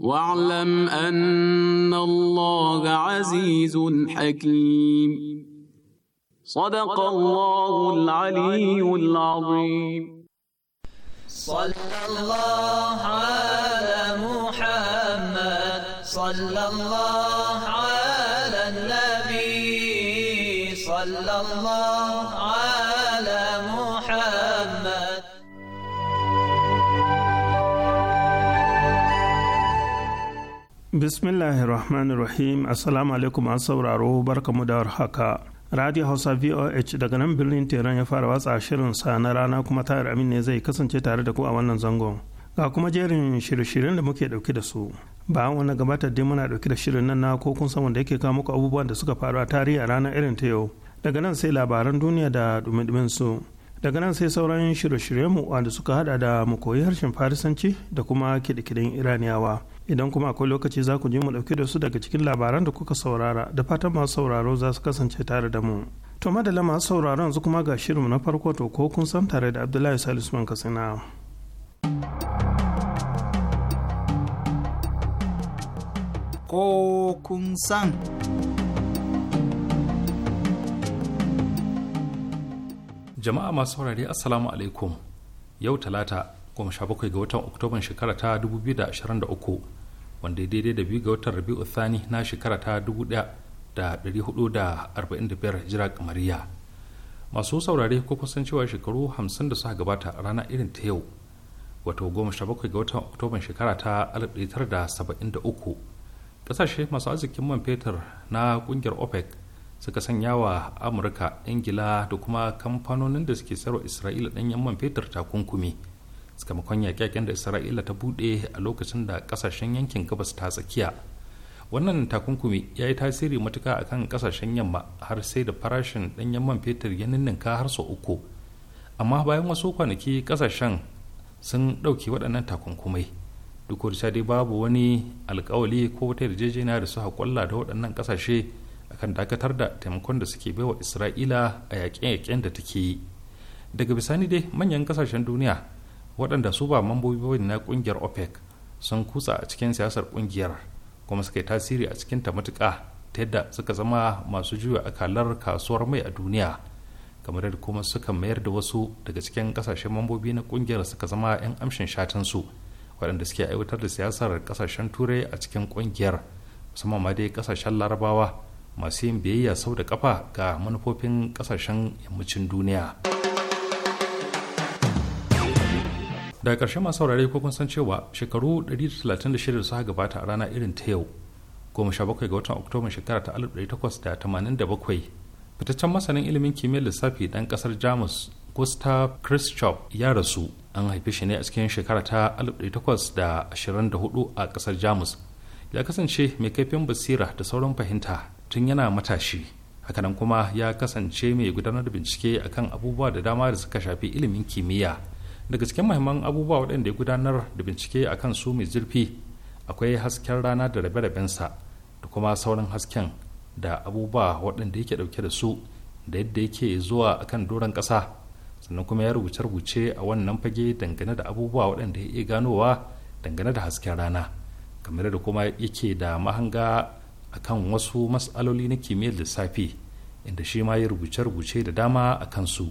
واعلم أن الله عزيز حكيم صدق الله العلي العظيم صلى الله على محمد صلى الله على النبي صلى الله bismillahir rahmanir rahim assalamu alaikum an sauraro barkamu da haka radio hausa voh daga nan birnin teran ya fara watsa shirin sa na rana kuma tayar amin ne zai kasance tare da ku a wannan zangon ga kuma jerin shirye-shiryen da muke dauke da su ba wani gabatar dai muna dauke da shirin nan na ko kun san wanda yake kawo muku abubuwan da suka faru a tarihi a ranar irin ta yau daga nan sai labaran duniya da dumi-dumin su daga nan sai sauran shirye-shiryenmu wanda suka hada da mu koyi harshen farisanci da kuma kiɗe iraniyawa idan kuma akwai lokaci za ku ji mu ɗauki da su daga cikin labaran da kuka saurara da fatan masu sauraro za su kasance tare da mu to madalla masu sauraron yanzu kuma ga shirinmu na farko to ko kun san tare da abdullahi salisu man katsina ko kun san jama'a masu saurare assalamu alaikum yau talata goma sha bakwai ga watan oktoban shekara ta 2023 wanda daidai da biyu ga watan rabi'u thani na shekara ta 1445 jira kamariya masu saurare ko kusan cewa shekaru 50 da suka gabata rana irin ta yau wato goma sha bakwai ga watan oktoban shekara ta 1973 kasashe masu arzikin man fetur na kungiyar opec suka sanya wa amurka ingila da kuma kamfanonin da suke sarwa isra'ila dan yamman fetur takunkumi sakamakon yaƙe-yaƙen da isra'ila ta buɗe a lokacin da ƙasashen yankin gabas ta tsakiya wannan takunkumi ya yi tasiri matuka a kan ƙasashen yamma har sai da farashin ɗanyen man fetur ya ninninka har sau uku amma bayan wasu kwanaki ƙasashen sun ɗauki waɗannan takunkumai duk da dai babu wani alkawali ko wata yarjejeniya da su haƙwalla da waɗannan ƙasashe akan dakatar da taimakon da suke baiwa isra'ila a yaƙin yaƙen da take yi daga bisani dai manyan ƙasashen duniya waɗanda su ba mambobi na ƙungiyar opec sun kutsa a cikin siyasar ƙungiyar kuma suka yi tasiri a cikin ta matuƙa ta yadda suka zama masu juya akalar kasuwar mai a duniya kamar yadda kuma suka mayar da wasu daga cikin kasashen mambobi na ƙungiyar suka zama 'yan amshin shatan su waɗanda suke aiwatar da siyasar ƙasashen turai a cikin ƙungiyar musamman ma dai ƙasashen larabawa masu yin biyayya sau da kafa ga manufofin kasashen yammacin duniya daga ƙarshe masu saurare ko kun san cewa shekaru 136 suka gabata a rana irin ta yau 17 ga watan oktoba shekara ta 1887 fitaccen masanin ilimin kimiyyar lissafi dan ƙasar jamus gustav christoph ya rasu an haife shi ne a cikin shekara ta 1824 a ƙasar jamus ya kasance mai kaifin basira da sauran fahimta tun yana matashi hakanan kuma ya kasance mai gudanar da bincike akan abubuwa da dama da suka shafi ilimin kimiyya daga cikin mahimman abubuwa waɗanda ya gudanar da bincike akan su mai zurfi akwai hasken rana da rabe-rabensa da kuma sauran hasken da abubuwa waɗanda yake ɗauke da su da yadda yake zuwa akan doron ƙasa sannan kuma ya rubuce-rubuce a wannan fage dangane da abubuwa waɗanda ya iya ganowa dangane da hasken rana kamar da kuma yake da mahanga akan wasu matsaloli na kimiyyar lissafi inda shi ma ya rubuce-rubuce da dama a kansu.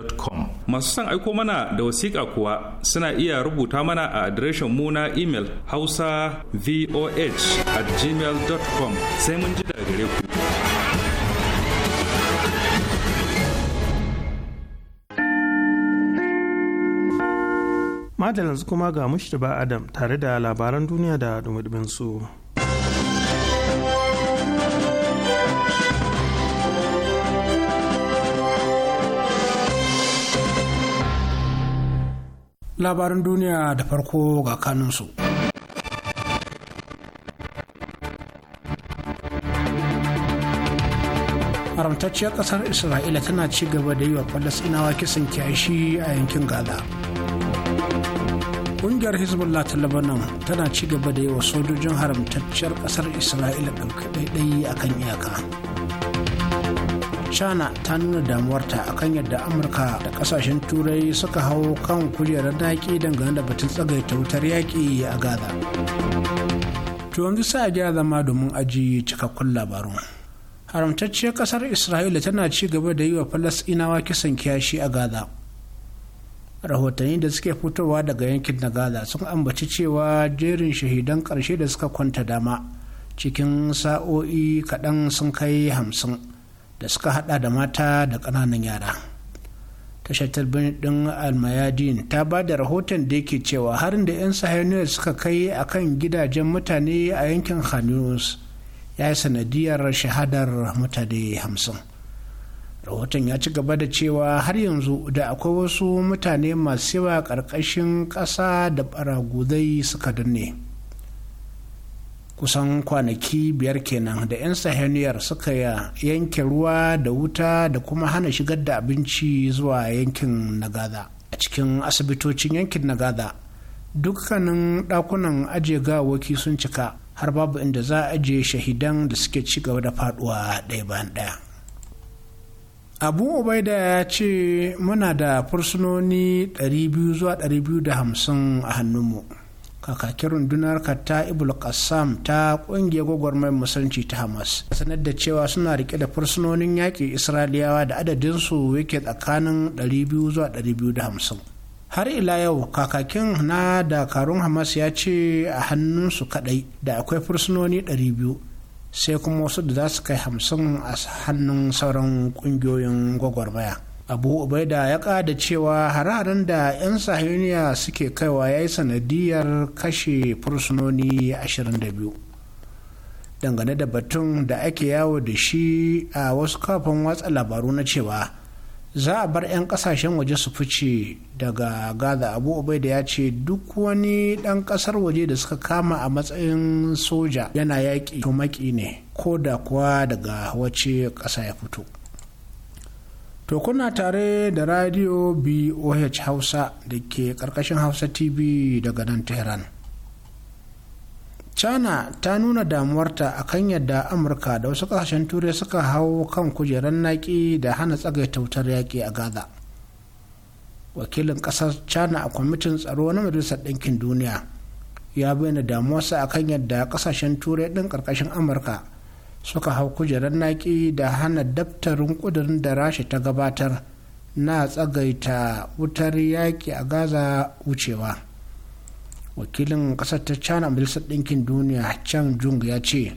gmail.com masu son aiko mana da wasiƙa kuwa suna iya rubuta mana a adireshin mu na imel hausa voh at gmail.com sai mun ji daga gare ku madalansu kuma ga ba adam tare da labaran duniya da dumi su. labarin duniya da farko ga kanunsu. haramtacciyar ƙasar isra'ila tana ci gaba da yi wa falasinawa kisan kyashi a yankin gaza ƙungiyar hezbollah ta lebanon tana ci gaba da yi wa sojojin haramtacciyar ƙasar isra'ila ɗaukaɗaiɗai a kan iyaka china ta nuna damuwarta akan yadda amurka da kasashen turai suka hau kan kujerar daƙi dangane da batun tsagaita wutar yaƙi a gaza to yanzu sai a zama domin aji cikakkun labarun haramtacciyar kasar isra'ila tana ci gaba da yi wa falasɗinawa kisan kiyashi a gaza rahotanni da suke fitowa daga yankin na gaza sun ambaci cewa jerin shahidan karshe da suka kwanta dama cikin sa'o'i kaɗan sun kai hamsin da suka hada da mata da kananan yara tashar talbin din almayadin ta ba da rahoton da yake cewa harin da 'yan sahaniyar suka kai a kan gidajen mutane a yankin hannus ya yi sanadiyar shahadar mutane hamsin rahoton ya ci gaba da cewa har yanzu da akwai wasu mutane masu yawa ƙarƙashin ƙasa da baragudai suka danne. kusan kwanaki biyar kenan da 'yan sahaniyar suka yanke ruwa da wuta da kuma hana shigar da abinci zuwa yankin nagada a cikin asibitocin yankin nagada dukkanin dakunan ajiye gawaki sun cika har babu inda za a ajiye shahidan da suke ci gaba da faduwa ɗaya bayan ɗaya abu ubaida ya ce muna da fursunoni 200 zuwa 250 a hannunmu kakakin rundunar ta ibul qassam ta kungiyar gwagwarmayar musulunci ta hamas sanar da cewa suna rike da fursunonin yaƙi isra'iliyawa da adadinsu yake tsakanin 200 zuwa 250 har ila yau kakakin na dakarun hamas ya ce a hannunsu kadai da akwai fursunoni 200 sai kuma wasu da za su kai 50 a hannun sauran kungiyoyin gwagwarmaya abu ubaida ya kada cewa hararen da 'yan sahiyoniya suke kaiwa ya yi sanadiyar kashe fursunoni 22 dangane da batun da ake yawo da shi a wasu kafin watsa labaru na cewa za a bar 'yan kasashen waje su fice daga gaza abu ubaida ya ce duk wani ɗan ƙasar waje da suka kama a matsayin soja yana yaƙi to ne ko da kuwa daga wace ƙasa ya fito To kuna tare da radio BOH Hausa da ke ƙarƙashin Hausa TV daga nan Tehran. China ta nuna damuwarta a kan yadda Amurka da wasu ƙasashen Turai suka hau kan kujerar naƙi da hana tsagaita tautar yaƙi a Gaza. Wakilin ƙasar China a kwamitin tsaro na Majalisar Ɗinkin Duniya ya bayyana damuwarsa a kan yadda ƙasashen Turai ɗin ƙarƙashin Amurka suka hau kujerar naƙi da hana daftarin ƙudurin da rasha ta gabatar na tsagaita wutar yaƙi a gaza wucewa wakilin ƙasar ta china majalisar ɗinkin duniya chang jung ya ce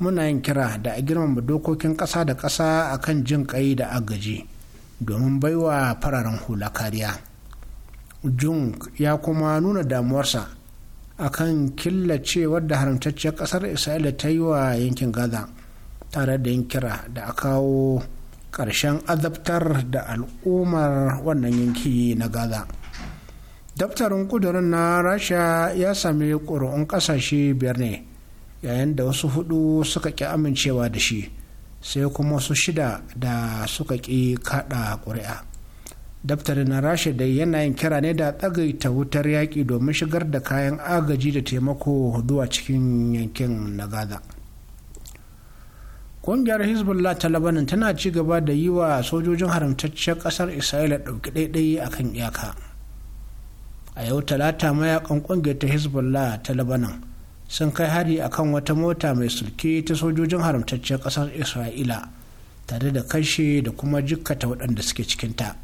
muna yin kira da a girmama dokokin ƙasa da ƙasa a kan jin ƙai da agaji domin baiwa fararen hula kariya jung ya kuma nuna damuwarsa a akan killacewar da haramtacciyar kasar isra'ila ta yi wa yankin gaza tare da yin kira da a kawo ƙarshen azabtar da al'ummar wannan yanki na gaza daftarin kudurin na rasha ya sami ƙuri'un ƙasashe biyar ne yayin da wasu hudu suka ƙi amincewa da shi sai kuma wasu shida da suka ƙi kaɗa ƙuri'a daftarin na rasha da yanayin kira ne da tsagaita wutar yaƙi domin shigar da kayan agaji da taimako zuwa cikin yankin na gaza ƙungiyar hezbollah ta labanin tana ci gaba da yi wa sojojin haramtaccen ƙasar isra'ila ɗauki ɗaiɗai a kan iyaka a yau talata mayakan ƙungiyar ta hezbollah ta labanin sun kai hari a kan wata mota mai sulke ta sojojin haramtaccen ƙasar isra'ila tare da kashe da kuma jikkata waɗanda suke cikinta. ta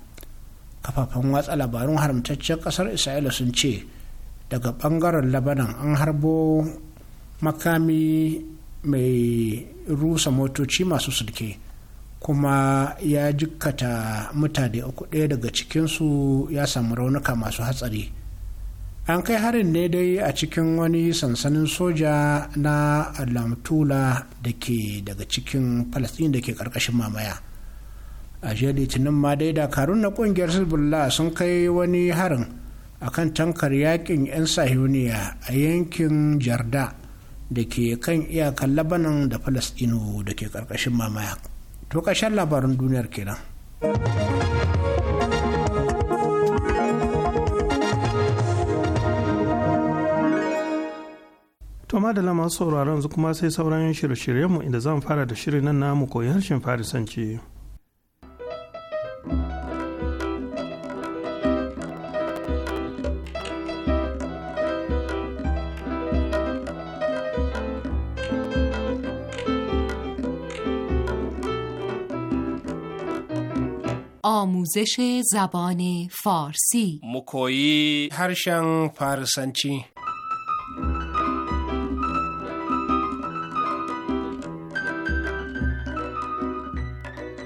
kafafen watsa labarun haramtaccen kasar isra'ila sun ce daga bangaren labanan an harbo makami mai rusa motoci masu sulke kuma ya jikkata mutane uku ɗaya daga cikinsu ya samu raunuka masu hatsari an kai harin ne dai a cikin wani sansanin soja na alamtula da ke daga cikin Falasɗin da ke ƙarƙashin mamaya a jiya litinin ma dai dakarun na kungiyar hezbollah sun kai wani harin a kan tankar yakin 'yan sahiyoniya a yankin jarda da ke kan iyakar labanan da falastino da ke karkashin mamaya to kashen labarin duniyar kenan to madalla masu sauraron kuma sai sauran shirye-shiryenmu inda zan fara da shirin nan namu koyi harshen farisanci. آموزش زبان فارسی مکویی هرشن فارسنچی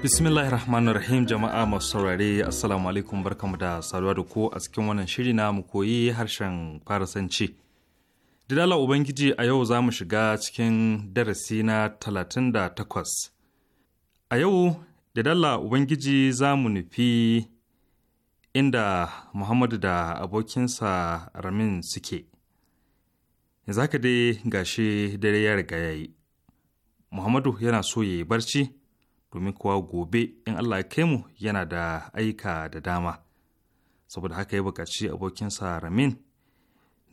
bismillahir rahmanir rahim jama'a masu saurari assalamu alaikum barkamu da saduwa da ku a cikin wannan shiri na mu koyi harshen farasanci didala ubangiji a yau za mu shiga cikin darasi na talatin da takwas a yau da dalla Ubangiji za mu nufi inda Muhammadu da abokinsa Ramin suke. Za ka dai gashi dare ya riga ya yi. Muhammadu yana so ya yi barci domin kuwa gobe in Allah ya kai mu yana da aika da dama. Saboda haka ya bukaci abokinsa Ramin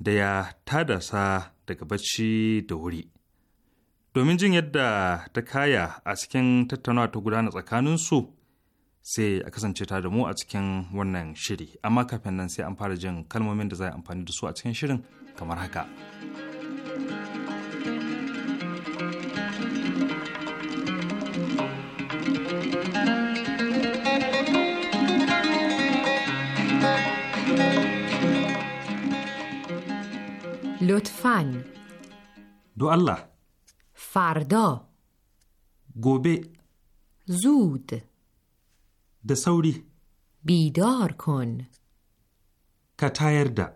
da ya tada sa daga bacci da wuri. domin jin yadda ta kaya a cikin tattaunawa ta gudana tsakaninsu sai a kasance ta da mu a cikin wannan shiri amma kafin nan sai an fara jin kalmomin da za a amfani da su a cikin shirin kamar haka. لطفاً دو الله فردا گوبه زود دسوری سوری بیدار کن کتایر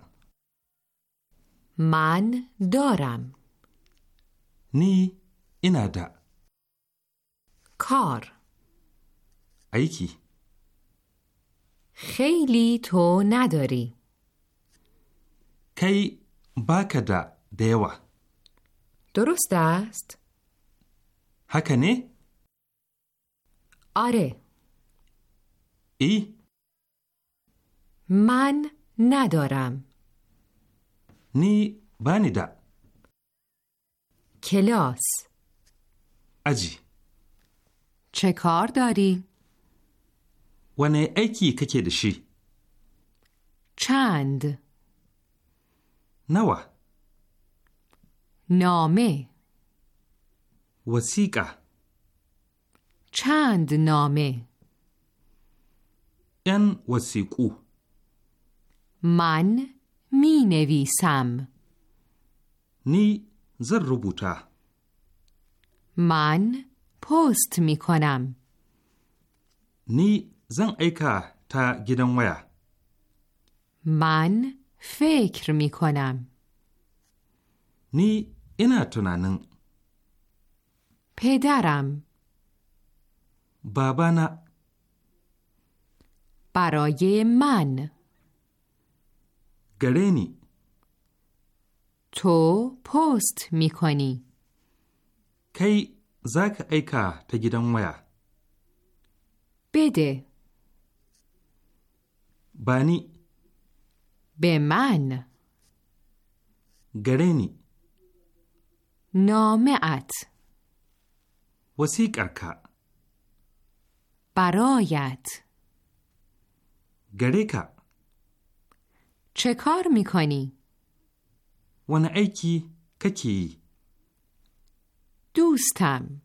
من دارم نی اینا ده کار ایکی خیلی تو نداری کی باکه ده دیوه درست است؟ haka آره ای من ندارم نی بانی کلاس اجی چه کار داری؟ ونه ایکی که دشی چند نوه نامه وسیقه چند نامه این وسیقو من می نویسم نی زر روبوتا من پست می کنم نی زن ایکا تا گیدن ویا من فکر می کنم نی اینا تنانن پدرم نا، برای من گرینی تو پست می کنی کی زک ایکا تا گیدن ویا بده بانی به من گرینی نامه وسیکرکا برایت گریکا چه کار میکنی؟ ون ایکی ککی دوستم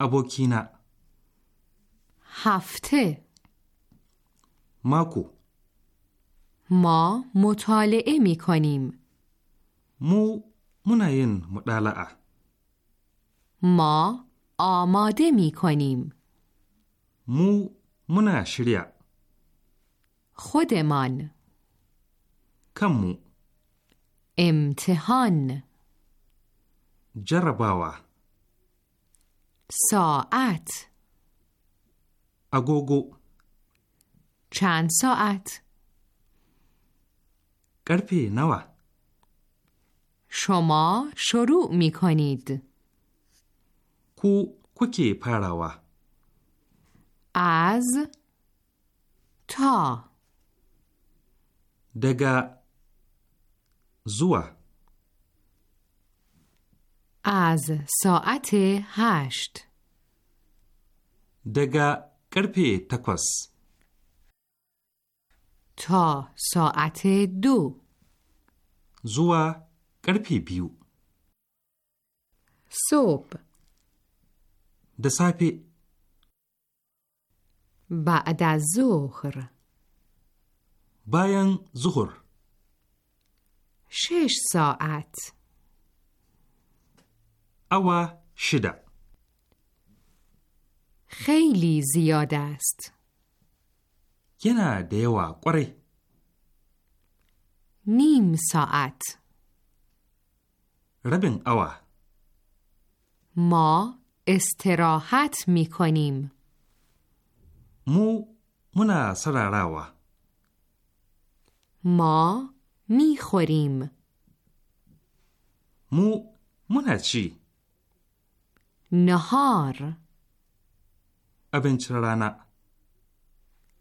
ابوکینا هفته ماکو ما مطالعه میکنیم. مو منعین مطالعه ما آماده می کنیم مو منا خودمان کمو امتحان جرباوا. ساعت اگوگو چند ساعت کرپی نوا شما شروع می کنید ku kuke farawa? As ta daga zuwa. Az sa'ate hasht daga karfe takwas. Ta sa'ate du zuwa karfe biyu. Soap. د بعد از ظهر ظهر شش ساعت او شده خیلی زیاد است ینا دیوا قره نیم ساعت ربن اوا ما استراحت می کنیم مو منا سراراوا ما می خوریم مو منا چی نهار ابنچرانا.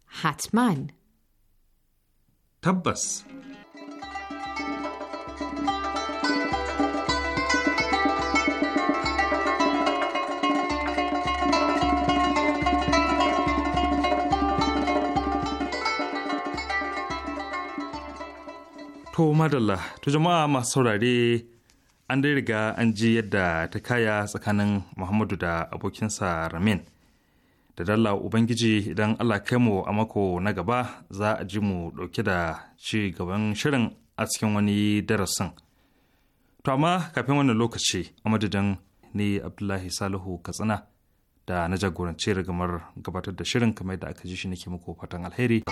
حتماً. حتما تبس To madalla, to jama'a masu saurare an dai riga an ji yadda ta kaya tsakanin Muhammadu da abokinsa Ramin. Da dalla Ubangiji idan Allah kai mu a mako na gaba za a ji mu ɗauke da ci gaban shirin a cikin wani darasin. To amma kafin wannan lokaci a madadin ni Abdullahi Salihu Katsina da na jagoranci rigamar gabatar da shirin kamar da aka ji shi nake muku fatan alheri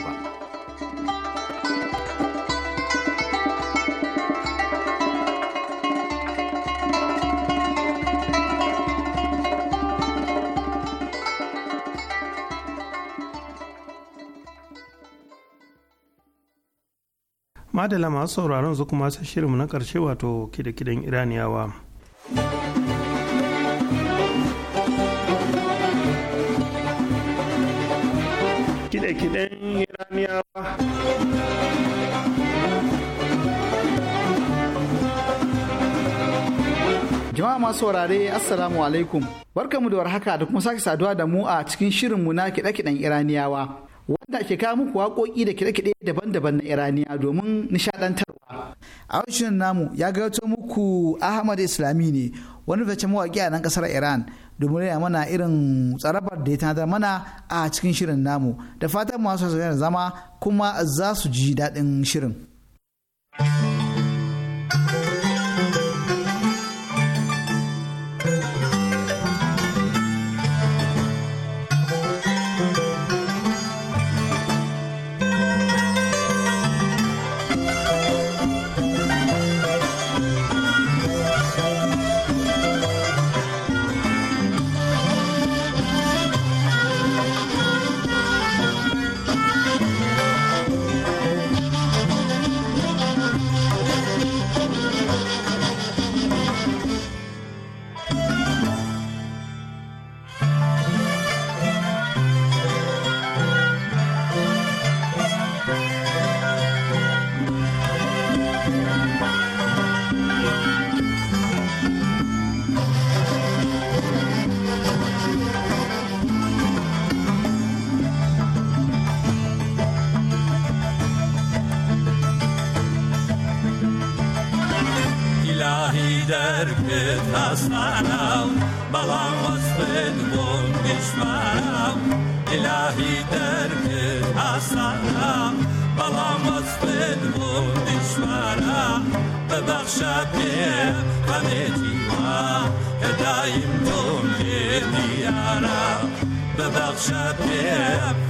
adala masu sauraron zu kuma sai shirinmu na karshe wato kide iraniyawa Jama'a masu saurare Assalamu alaikum. Barkamu da warhaka da kuma sake saduwa da mu a cikin shirinmu na kiɗe-kiɗen Iraniyawa. wanda ke kawo muku waƙoƙi da kiɗe-kiɗe daban-daban na iraniya domin nishaɗantarwa a wajen namu ya gato muku ahmad islami ne wani fice mawaƙi a nan ƙasar iran domin ya mana irin tsarabar da ya tana mana a cikin shirin namu da fatan masu zama kuma za su ji daɗin shirin. سلام بەڵامەس پێت بوو دیشمانە ببەخشەپێ بەێتی ما هەدایم بۆم پێ دیارە ببەخشەپێ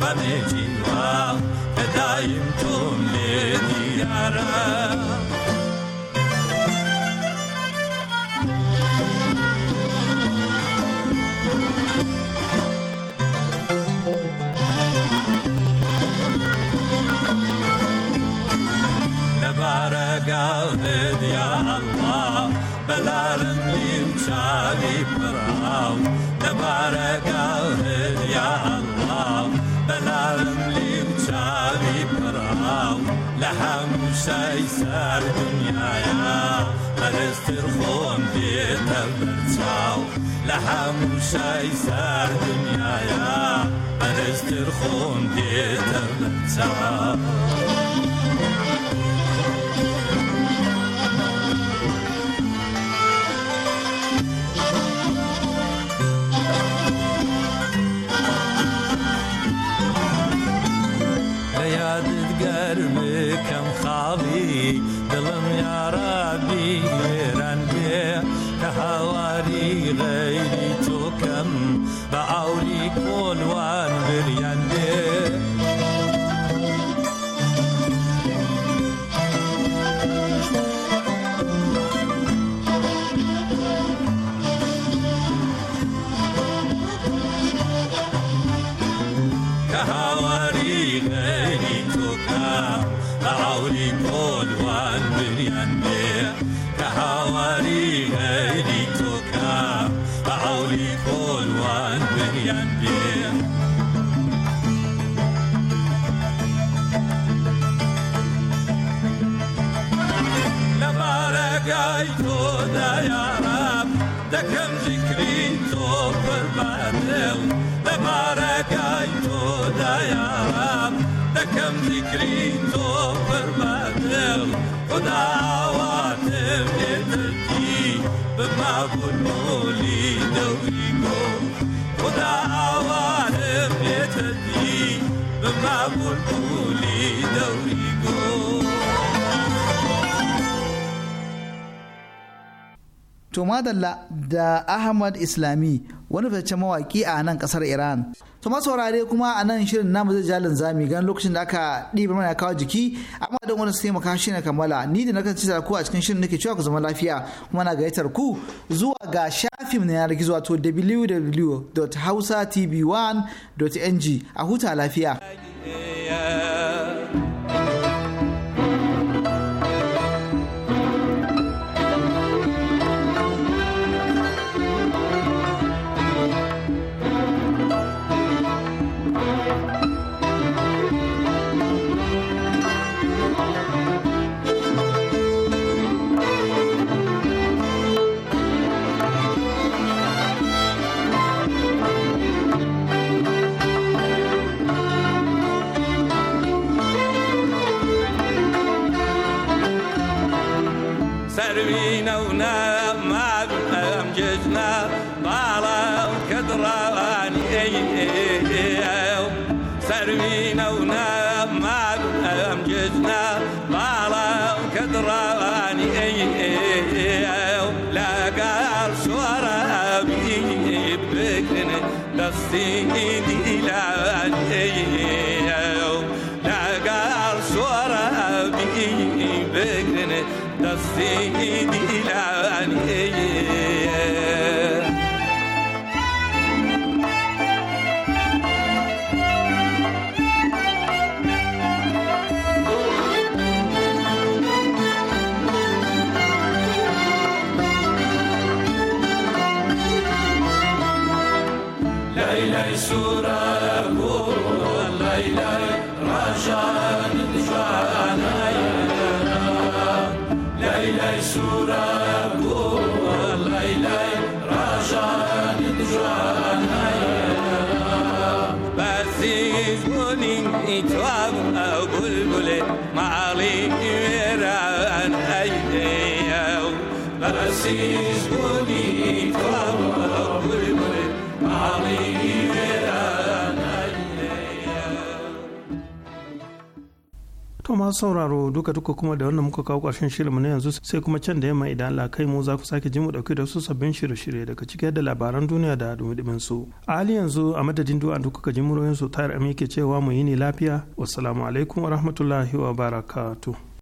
بەێتی ما هەدایم تۆم لێ دیارە. بەلارمی چاوی پرڕاو دەبارەگەڵت یا ئەڵاو بەلارمی چاوی پرڕاو لە هەموو شای سەر دنیاە بەرزتر خون دێتە بچاو لە هەموو شای سەر دنیاە بەرزتر خۆم دێتە بچاو يكون وان ويان بيه لبارگای تو دیارم دکم ذکری تو پر بدل لبارگای تو دیارم دکم ذکری تو پر بدل خدا to madalla da ahmad islami wani fitaccen mawaki a nan kasar iran to ma saurare kuma a nan shirin namu zai jalin zami gan lokacin da aka ɗiba mana kawo jiki amma don wani su taimaka shi na kammala ni da nakan ci ku a cikin shirin nake cewa ku zama lafiya kuma na gayyatar ku zuwa ga shafin na yanar gizo wato www.hausatv1.ng a huta lafiya. the Italian. masu sauraro duka duka kuma da wannan muka kawo ƙarshen shirinmu na yanzu sai kuma can da yamma idan Allah kai mu za ku sake ji mu dauke da su sabbin shirye-shirye daga cikin da labaran duniya da dumi su. A hali yanzu a madadin du'a duka ka ji muryoyin su tayar amike cewa mu yi ni lafiya. Wassalamu alaikum wa rahmatullahi wa barakatuh.